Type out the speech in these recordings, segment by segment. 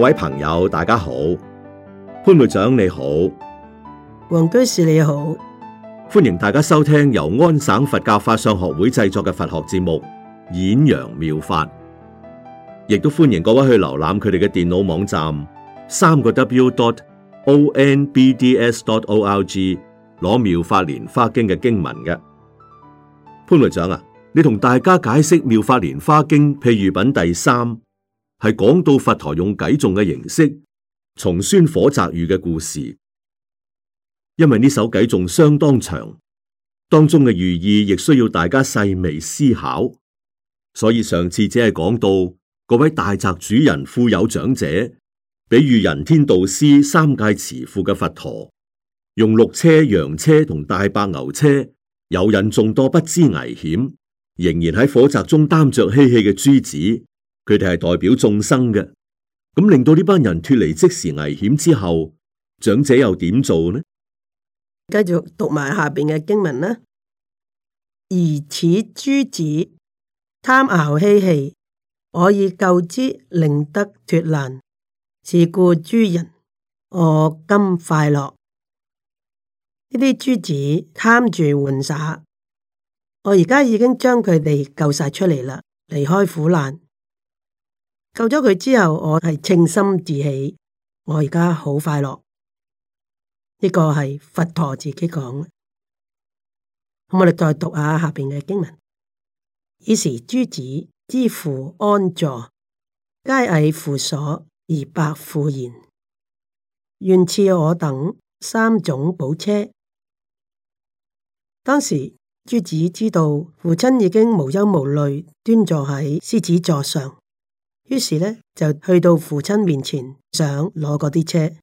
各位朋友，大家好，潘會長你好，黃居士你好，歡迎大家收聽由安省佛教法相學會製作嘅佛學節目《演陽妙法》，亦都歡迎各位去瀏覽佢哋嘅電腦網站三個 W dot O N B D S dot O L G 攞妙法蓮花經嘅經文嘅。潘會長啊，你同大家解釋妙法蓮花經譬喻品第三。係講到佛陀用偈頌嘅形式，重宣火宅喻嘅故事，因為呢首偈頌相當長，當中嘅寓意亦需要大家細微思考，所以上次只係講到嗰位大宅主人、富有長者，比喻人天導師、三界慈父嘅佛陀，用鹿車、羊車同大白牛車，誘引眾多，不知危險，仍然喺火宅中擔着嬉戲嘅珠子。佢哋係代表眾生嘅，咁令到呢班人脫離即時危險之後，長者又點做呢？繼續讀埋下邊嘅經文啦。而此諸子貪著嬉戲，我已救之，令得脫難。是故諸人，我今快樂。呢啲諸子貪住玩耍，我而家已經將佢哋救晒出嚟啦，離開苦難。救咗佢之後，我係稱心自喜，我而家好快樂。呢、這個係佛陀自己講，我哋再讀下下邊嘅經文。以時，諸子知父安坐，皆詣父所而白父言：願賜我等三種寶車。當時，諸子知道父親已經無憂無慮，端坐喺獅子座上。於是呢，就去到父親面前，想攞嗰啲車，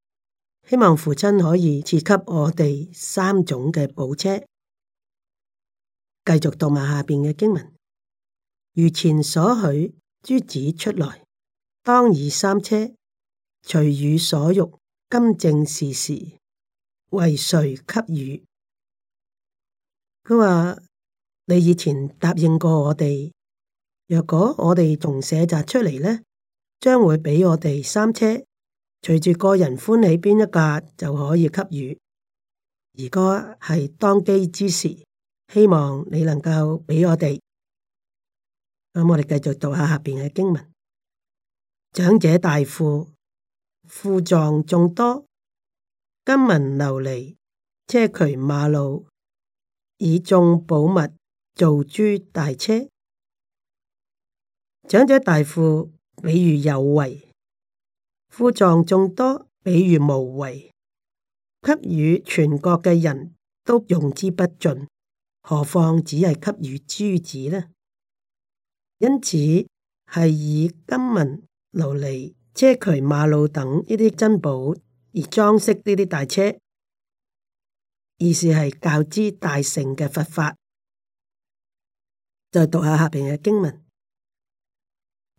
希望父親可以賜給我哋三種嘅寶車。繼續讀埋下邊嘅經文，如前所許，諸子出來，當以三車，隨汝所欲，今正是時，惟垂給與。佢話你以前答應過我哋。若果我哋仲寫集出嚟呢，將會畀我哋三車，隨住個人歡喜邊一架就可以給予。而家係當機之時，希望你能夠畀我哋。咁我哋繼續讀下下邊嘅經文：長者大富，庫藏眾多，金銀琉璃，硨磲瑪瑙，以眾寶物造諸大車。長者大富，比如有為，富藏眾多，比如無為，給予全國嘅人都用之不盡，何況只係給予諸子呢？因此係以金銀琉璃車渠、馬路等呢啲珍寶而裝飾呢啲大車，意思係教之大乘嘅佛法。再讀下下邊嘅經文。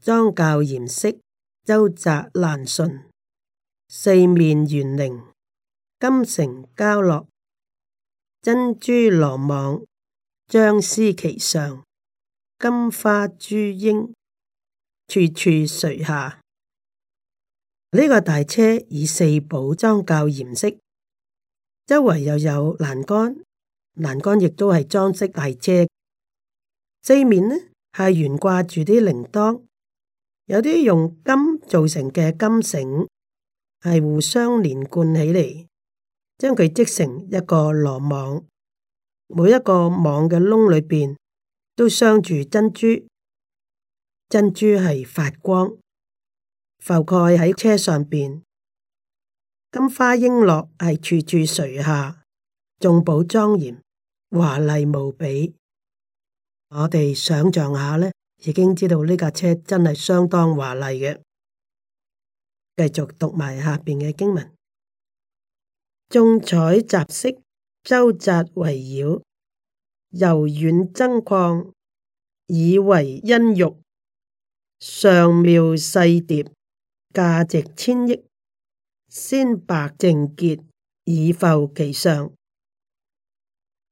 莊教嚴飾，周匝欄順，四面懸鈴，金繩交落，珍珠羅網張施其上，金花珠英處處垂下。呢、這個大車以四寶莊教嚴飾，周圍又有欄杆，欄杆亦都係裝飾大車，四面呢係懸掛住啲鈴鐺。有啲用金做成嘅金繩係互相連貫起嚟，將佢織成一個羅網。每一個網嘅窿裏邊都鑲住珍珠，珍珠係發光，浮蓋喺車上邊。金花瓔珞係處處垂下，眾寶莊嚴，華麗無比。我哋想象下呢。已經知道呢架車真係相當華麗嘅，繼續讀埋下邊嘅經文：眾彩雜色，周匝圍繞，柔軟繒纊，以為茵蓐，上妙細碟，價值千億，鮮白淨潔，以浮其上，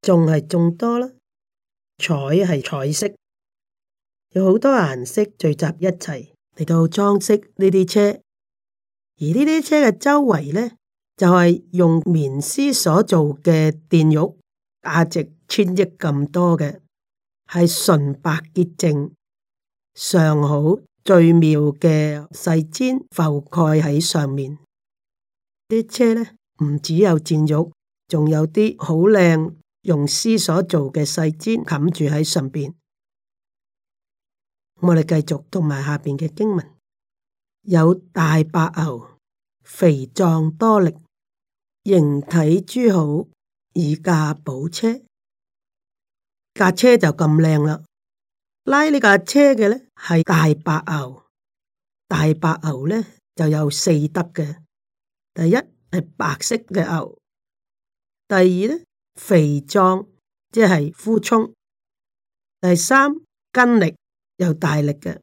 仲係眾多啦，彩係彩色。有好多顏色聚集一齊嚟到裝飾呢啲車，而呢啲車嘅周圍呢，就係、是、用棉絲所做嘅墊褥，價值千億咁多嘅，係純白潔淨，上好最妙嘅細氈覆蓋喺上面。啲車呢，唔只有墊褥，仲有啲好靚用絲所做嘅細氈冚住喺上邊。我哋繼續讀埋下邊嘅經文，有大白牛，肥壯多力，形體姝好，以駕寶車。架車就咁靚啦，拉呢架車嘅，咧係大白牛。大白牛咧就有四德嘅，第一係白色嘅牛，第二咧肥壯，即係粗壯，第三筋力。有大力嘅，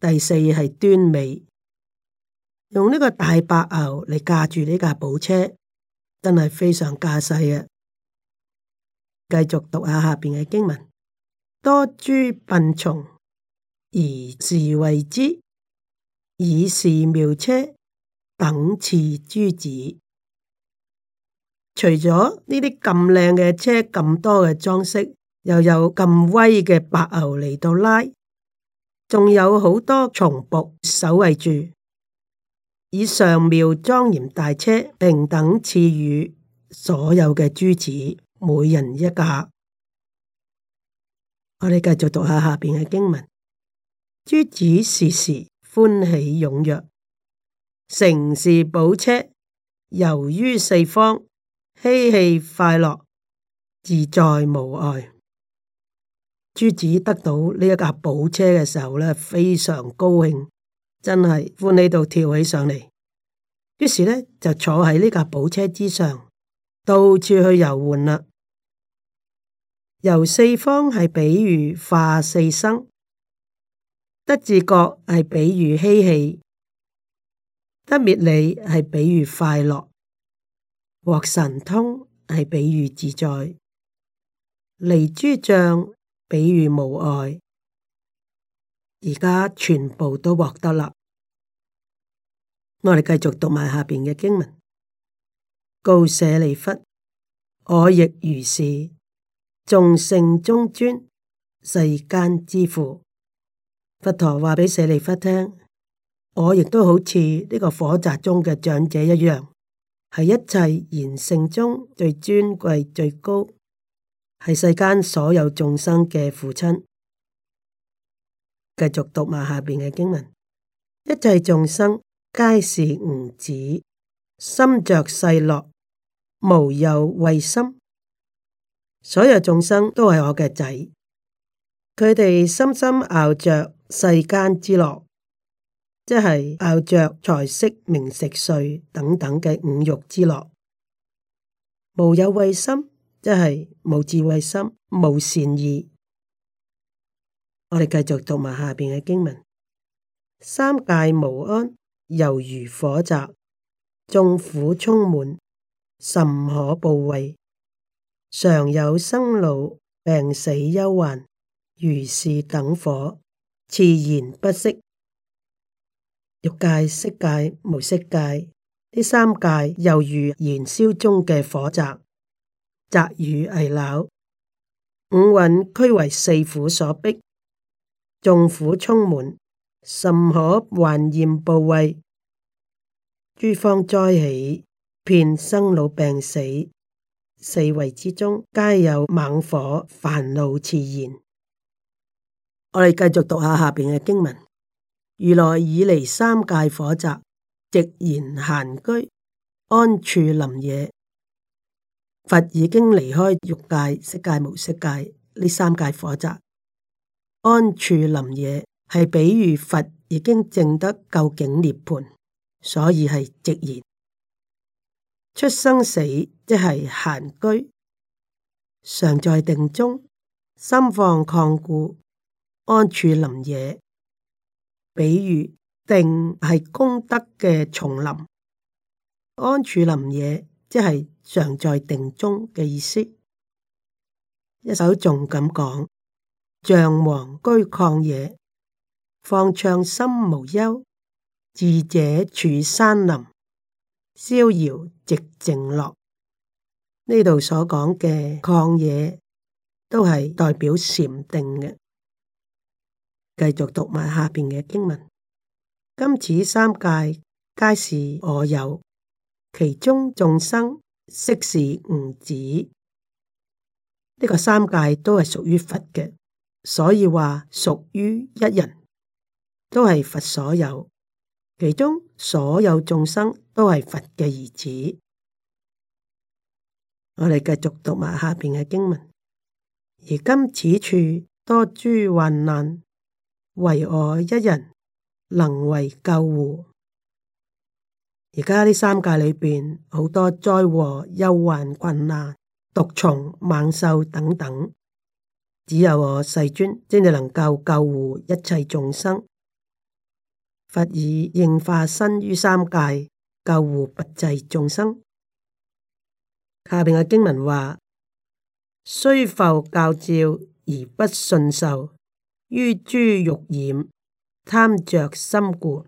第四係端尾，用呢個大白牛嚟，架住呢架寶車，真係非常架勢啊！繼續讀下下邊嘅經文：多諸儐從，而侍衛之，以是妙車，等賜諸子。除咗呢啲咁靚嘅車，咁多嘅裝飾。又有咁威嘅白牛嚟到拉，仲有好多松僕守衛住，以上妙莊嚴大車平等賜予所有嘅諸子，每人一架。我哋繼續讀下下邊嘅經文：諸子時時歡喜踊躍，乘是寶車遊於四方，嬉戲快樂，自在無礙。珠子得到呢一架寶車嘅時候呢，非常高興，真係歡喜到跳起上嚟。於是呢，就坐喺呢架寶車之上，到處去遊玩啦。遊四方係比喻化四生，得自覺係比喻嬉戲，得滅理係比喻快樂，獲神通係比喻自在，離諸障。比喻無礙，而家全部都獲得啦。我哋繼續讀埋下邊嘅經文。告舍利弗，我亦如是，眾聖中尊，世間之父。佛陀話俾舍利弗聽：我亦都好似呢個火宅中嘅長者一樣，係一切賢聖中最尊貴最高。係世間所有眾生嘅父親，繼續讀埋下邊嘅經文：一切眾生皆是吾子，心着世樂，無有慧心。所有眾生都係我嘅仔，佢哋深深熬着世間之樂，即係熬着財色名食睡等等嘅五欲之樂，無有慧心。即係冇智慧心、冇善意。我哋繼續讀埋下邊嘅經文：三界無安，猶如火宅；眾苦充滿，甚可怖畏。常有生老病死憂患，如是等火，熾然不息。欲界、色界、無色界，呢三界猶如燃燒中嘅火宅。宅宇危樓，五蘊俱為四苦所逼，眾苦充滿，甚可患厭怖畏。諸方災起，遍生老病死四維之中，皆有猛火煩惱熾然。我哋繼續讀下下邊嘅經文：如來已離三界火宅，寂然閒居，安處林野。佛已經離開欲界、色界、無色界呢三界火宅，安處林野係比喻佛已經證得究竟涅槃，所以係直言出生死即係閒居，常在定中，心放曠故，安處林野。比喻定係功德嘅叢林，安處林野即係。常在定中嘅意思。一首仲咁講：象王居曠野，放暢心無憂；智者處山林，逍遙寂靜樂。呢度所講嘅曠野，都係代表禪定嘅。繼續讀埋下邊嘅經文：今此三界，皆是我有，其中眾生。悉是吾子，呢、這個三界都係屬於佛嘅，所以話屬於一人，都係佛所有。其中所有眾生都係佛嘅兒子。我哋繼續讀埋下邊嘅經文。而今此處多諸患難，唯我一人能為救護。而家呢三界裏邊好多災禍、憂患、困難、毒蟲、猛獸等等，只有我世尊，真正能夠救救護一切眾生，佛以應化身於三界救護不濟眾生。下邊嘅經文話：雖復教詔而不信受，於諸欲染，貪着心故。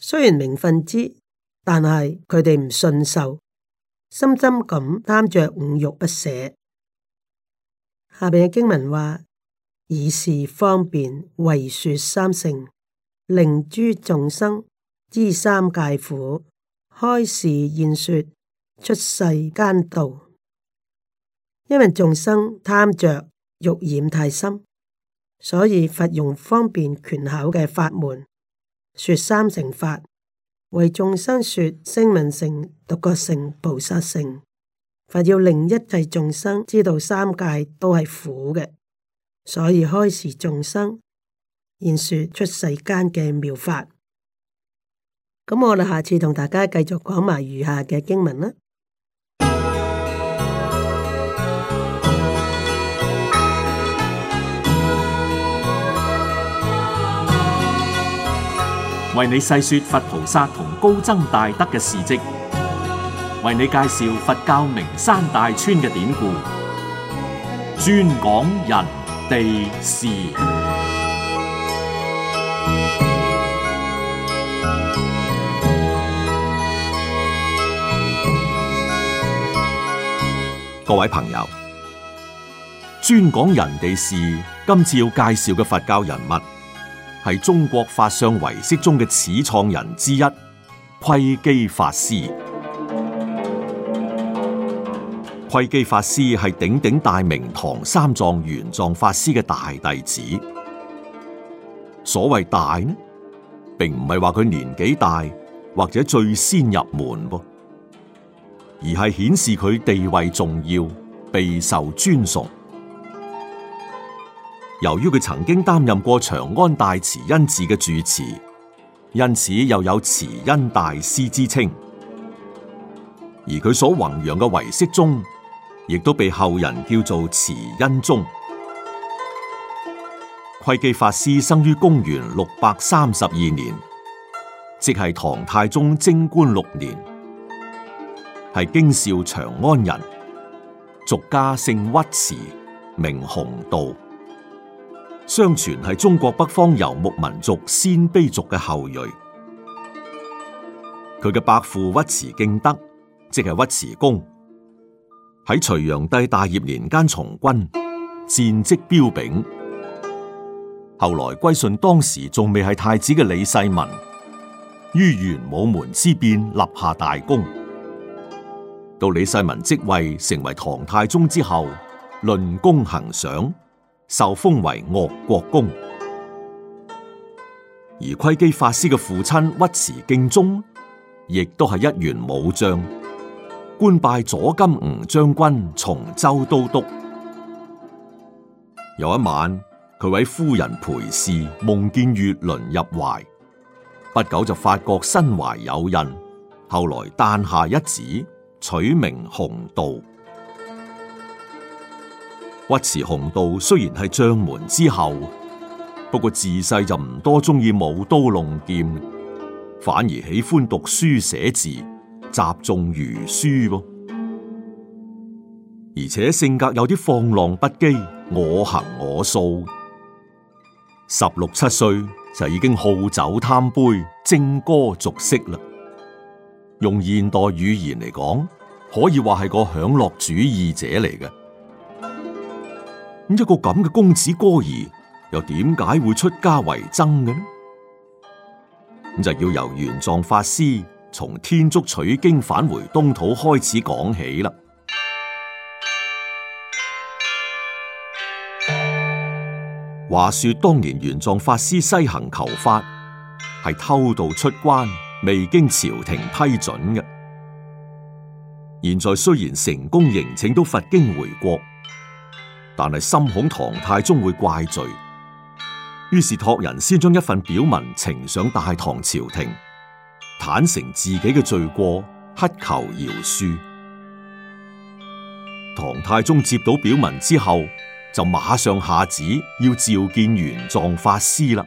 雖然名分之，但係佢哋唔信受，深深咁貪着五欲不捨。下邊嘅經文話：以是方便為說三乘，令諸眾生知三界苦，開示現說出世間道。因為眾生貪着欲染太深，所以佛用方便權巧嘅法門。說三乘法，為眾生說聲聞乘、獨覺乘、菩薩乘，佛要令一切眾生知道三界都係苦嘅，所以開示眾生，現說出世間嘅妙法。咁我哋下次同大家繼續講埋餘下嘅經文啦。為你細說佛菩薩同高僧大德嘅事蹟，為你介紹佛教名山大川嘅典故，專講人地事。各位朋友，專講人地事，今次要介紹嘅佛教人物，係中國法相唯識宗嘅始創人之一，窺基法師。窺基法師係鼎鼎大名唐三藏玄奘法師嘅大弟子。所謂大呢，並唔係話佢年紀大或者最先入門噃，而係顯示佢地位重要，備受尊崇。由於佢曾經擔任過長安大慈恩寺嘅住持，因此又有慈恩大師之稱。而佢所弘揚嘅唯識宗，亦都被後人叫做慈恩宗。窺基法師生於公元六百三十二年，即係唐太宗貞觀六年，係京兆長安人，俗家姓尉遲，名洪道。相傳係中國北方游牧民族鮮卑族嘅後裔，佢嘅伯父尉遲敬德，即係尉遲恭，喺隋煬帝大業年間從軍，戰績彪炳，後來歸順當時仲未係太子嘅李世民，於玄武門之變立下大功，到李世民即位成為唐太宗之後，論功行賞。受封為鄂國公，而窺基法師嘅父親尉遲敬宗，亦都係一員武將，官拜左金吾將軍、松州都督。有一晚，佢位夫人裴氏，夢見月輪入懷，不久就發覺身懷有孕，後來誕下一子，取名洪道。屈遲洪道雖然係將門之後，不過自細就唔多中意舞刀弄劍，反而喜歡讀書寫字，集眾如書噃。而且性格有啲放浪不羈，我行我素。十六七歲就已經好酒貪杯，徵歌俗色啦。用現代語言嚟講，可以話係個享樂主義者嚟嘅。一個咁嘅公子哥兒，又點解會出家為僧嘅呢？咁就要由玄奘法師從天竺取經返回東土開始講起啦。 話說當年玄奘法師西行求法，係偷渡出關，未經朝廷批准嘅。現在雖然成功迎請到佛經回國。但係心恐唐太宗會怪罪，於是托人先將一份表文呈上大唐朝廷，坦承自己嘅罪過，乞求饒恕。唐太宗接到表文之後，就馬上下旨要召見玄奘法師啦。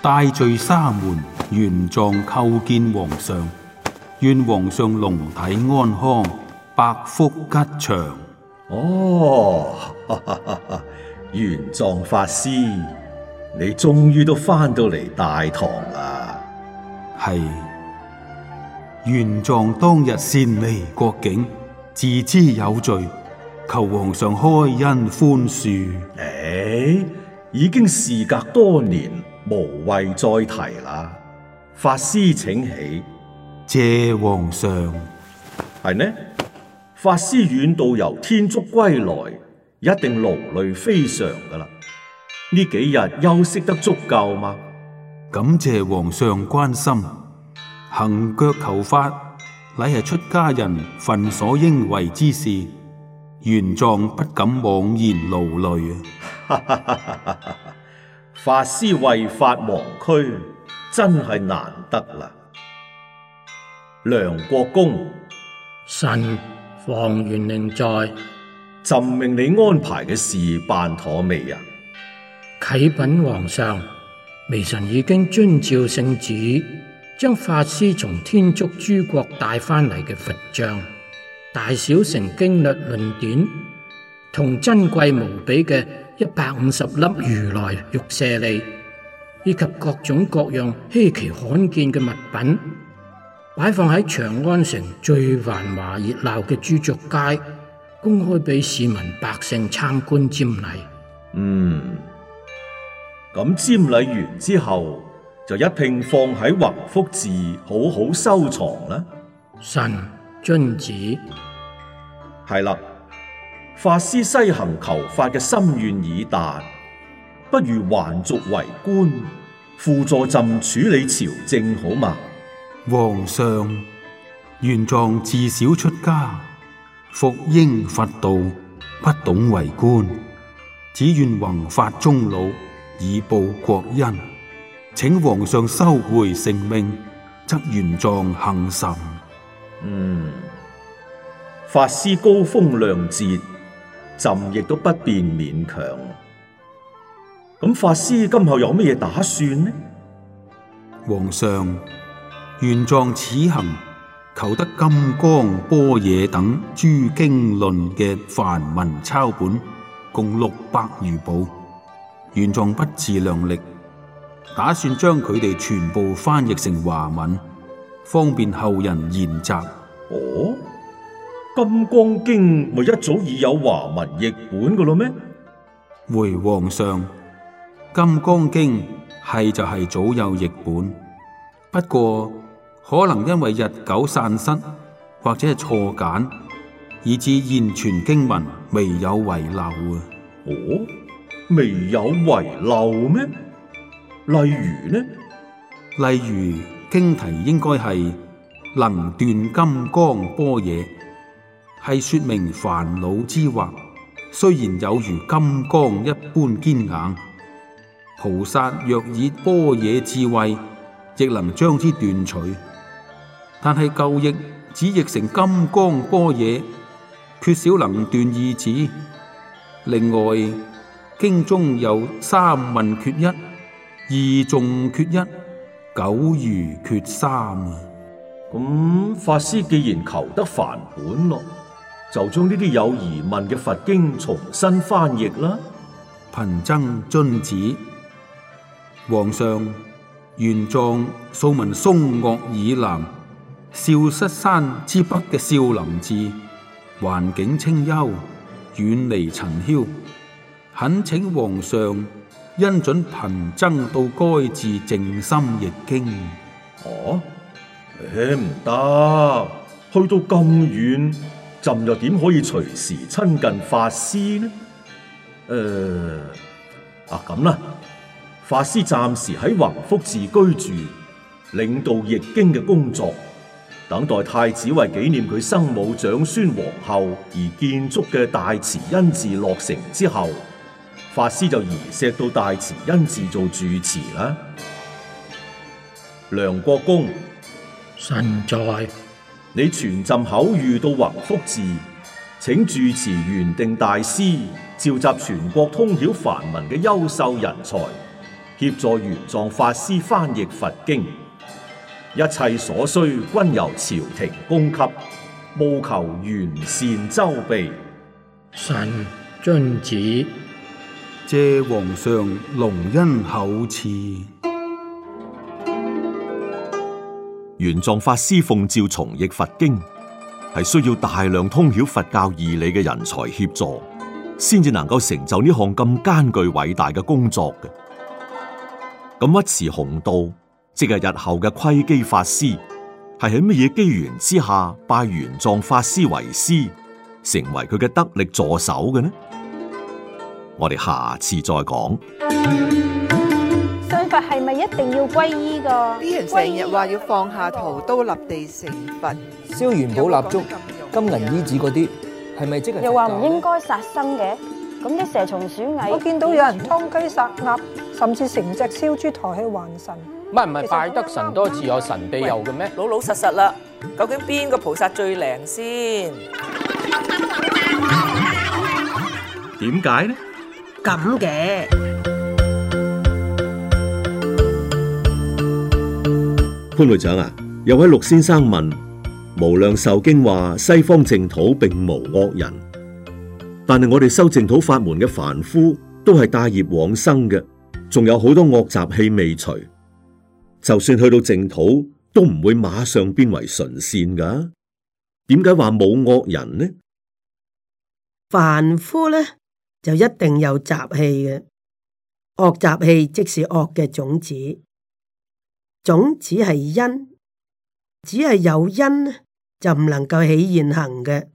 大罪沙門玄奘叩見皇上，願皇上龍體安康。百福吉祥哦！玄奘法師，你終於都翻到嚟大唐啦。係，玄奘當日擅離國境，自知有罪，求皇上開恩寬恕。誒、哎，已經事隔多年，無謂再提啦。法師請起，謝皇上。係呢？法師遠道由天竺歸來，一定勞累非常噶啦。呢幾日休息得足夠嗎？感謝皇上關心。行腳求法，乃係出家人分所應為之事，玄奘不敢妄言勞累啊。法師為法忘軀，真係難得啦。梁國公，臣。房玄齡在，朕命你安排嘅事辦妥未啊？啟禀皇上，微臣已經遵照聖旨，將法師從天竺諸國帶翻嚟嘅佛像、大小乘經略論典，同珍貴無比嘅一百五十粒如來玉舍利，以及各種各樣稀奇罕見嘅物品，擺放喺長安城最繁華熱鬧嘅朱雀街，公開俾市民百姓參觀瞻禮。嗯，咁瞻禮完之後，就一併放喺弘福寺好好收藏啦。臣遵旨。係啦，法師西行求法嘅心願已達，不如還俗為官，輔助朕處理朝政，好嘛？皇上，玄奘自小出家，服膺佛道，不懂為官，只願宏法終老，以報國恩。請皇上收回成命，則玄奘幸甚。嗯，法師高風亮節，朕亦都不便勉強。咁法師今後有咩打算呢？皇上。玄奘此行求得《金剛般若等諸經論》嘅梵文抄本共六百餘部，玄奘不自量力，打算將佢哋全部翻譯成華文，方便後人研習。哦，《金剛經》咪一早已有華文譯本噶咯咩？回皇上，《金剛經》係就係早有譯本，不過，可能因為日久散失，或者係錯簡，以致現存經文未有遺漏啊！哦，未有遺漏咩？例如呢？例如經題應該係能斷金剛般若，係説明煩惱之惑，雖然有如金剛一般堅硬，菩薩若以般若智慧，亦能將之斷取。但係舊譯只譯成金剛般若，缺少能斷二字。另外經中有三問缺一，二眾缺一，九如缺三。咁法師既然求得梵本咯，就將呢啲有疑問嘅佛經重新翻譯啦。貧僧遵旨。皇上，玄奘素聞嵩嶽以南，少室山之北嘅少林寺，環境清幽，遠離塵囂。懇請皇上恩准貧僧到該寺靜心譯經。哦，唔得，去到咁遠，朕又點可以隨時親近法師呢？誒，啊咁啦，法師暫時喺弘福寺居住，領導譯經嘅工作。等待太子為紀念佢生母長孫皇后而建築嘅大慈恩寺落成之後，法師就移錫到大慈恩寺做住持啦。梁國公，神在，你傳朕口諭到弘福寺，請住持原定大師召集全國通曉梵文嘅優秀人才，協助玄奘法師翻譯佛經。一切所需均由朝廷供給，務求完善周備。臣遵旨，謝皇上隆恩厚賜。玄奘法師奉詔重譯佛經，係需要大量通曉佛教義理嘅人才協助，先至能夠成就呢項咁艱巨偉大嘅工作嘅。咁尉遲洪道。即係日後嘅窺基法師，係喺乜嘢機緣之下拜玄奘法師為師，成為佢嘅得力助手嘅呢？我哋下次再講。信佛係咪一定要皈依噶？啲人成日話要放下屠刀立地成佛，燒元寶蠟燭、金銀衣紙嗰啲，係咪、嗯、即係？又話唔應該殺生嘅，咁啲蛇蟲鼠蟻，我見到有人劏雞殺鴨，甚至成隻燒豬抬去還神。唔係唔係，拜得神多自有神庇佑嘅咩？老老實實啦，究竟邊個菩薩最靈先？點解呢？咁嘅潘會長啊，有位陸先生問《無量壽經》話西方淨土並無惡人，但係我哋修淨土法門嘅凡夫都係帶業往生嘅，仲有好多惡習氣未除。就算去到淨土，都唔會馬上變為純善噶。點解話冇惡人呢？凡夫咧就一定有習氣嘅，惡習氣即是惡嘅種子。種子係因，只係有因就唔能夠起現行嘅，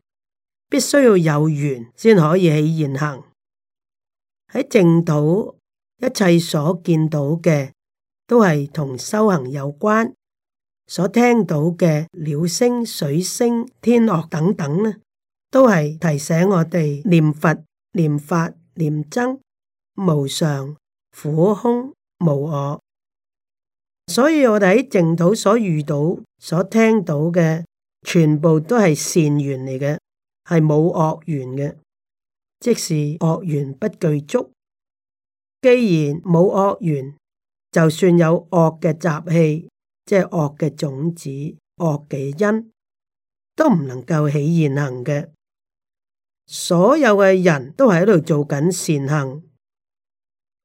必須要有緣先可以起現行。喺淨土一切所見到嘅。都係同修行有關，所聽到嘅鳥聲、水聲、天樂等等呢，都係提醒我哋念佛、念法、念僧，無常、苦空、無我。所以我哋喺淨土所遇到、所聽到嘅，全部都係善緣嚟嘅，係冇惡緣嘅，即是惡緣不具足。既然冇惡緣，就算有惡嘅習氣，即係惡嘅種子、惡嘅因，都唔能夠起現行嘅。所有嘅人都係喺度做緊善行，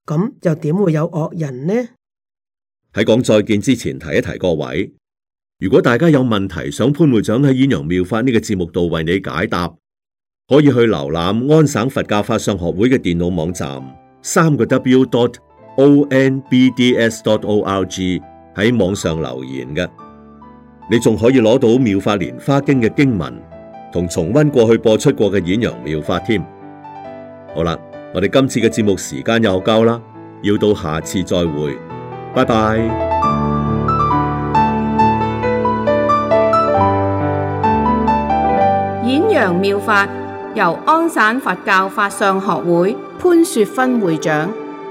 咁又點會有惡人呢？喺講再見之前，提一提各位，如果大家有問題想潘會長喺《演揚妙法》呢個節目度為你解答，可以去瀏覽安省佛教法相學會嘅電腦網站，三個 W dot。onbds.org，喺網上留言嘅。你仲可以攞到《妙法蓮花經》嘅經文同重温過去播出過嘅演揚妙法添。好啦，我哋今次嘅節目時間又夠啦，要到下次再會，拜拜。演揚妙法由安省佛教法相學會潘雪芬會長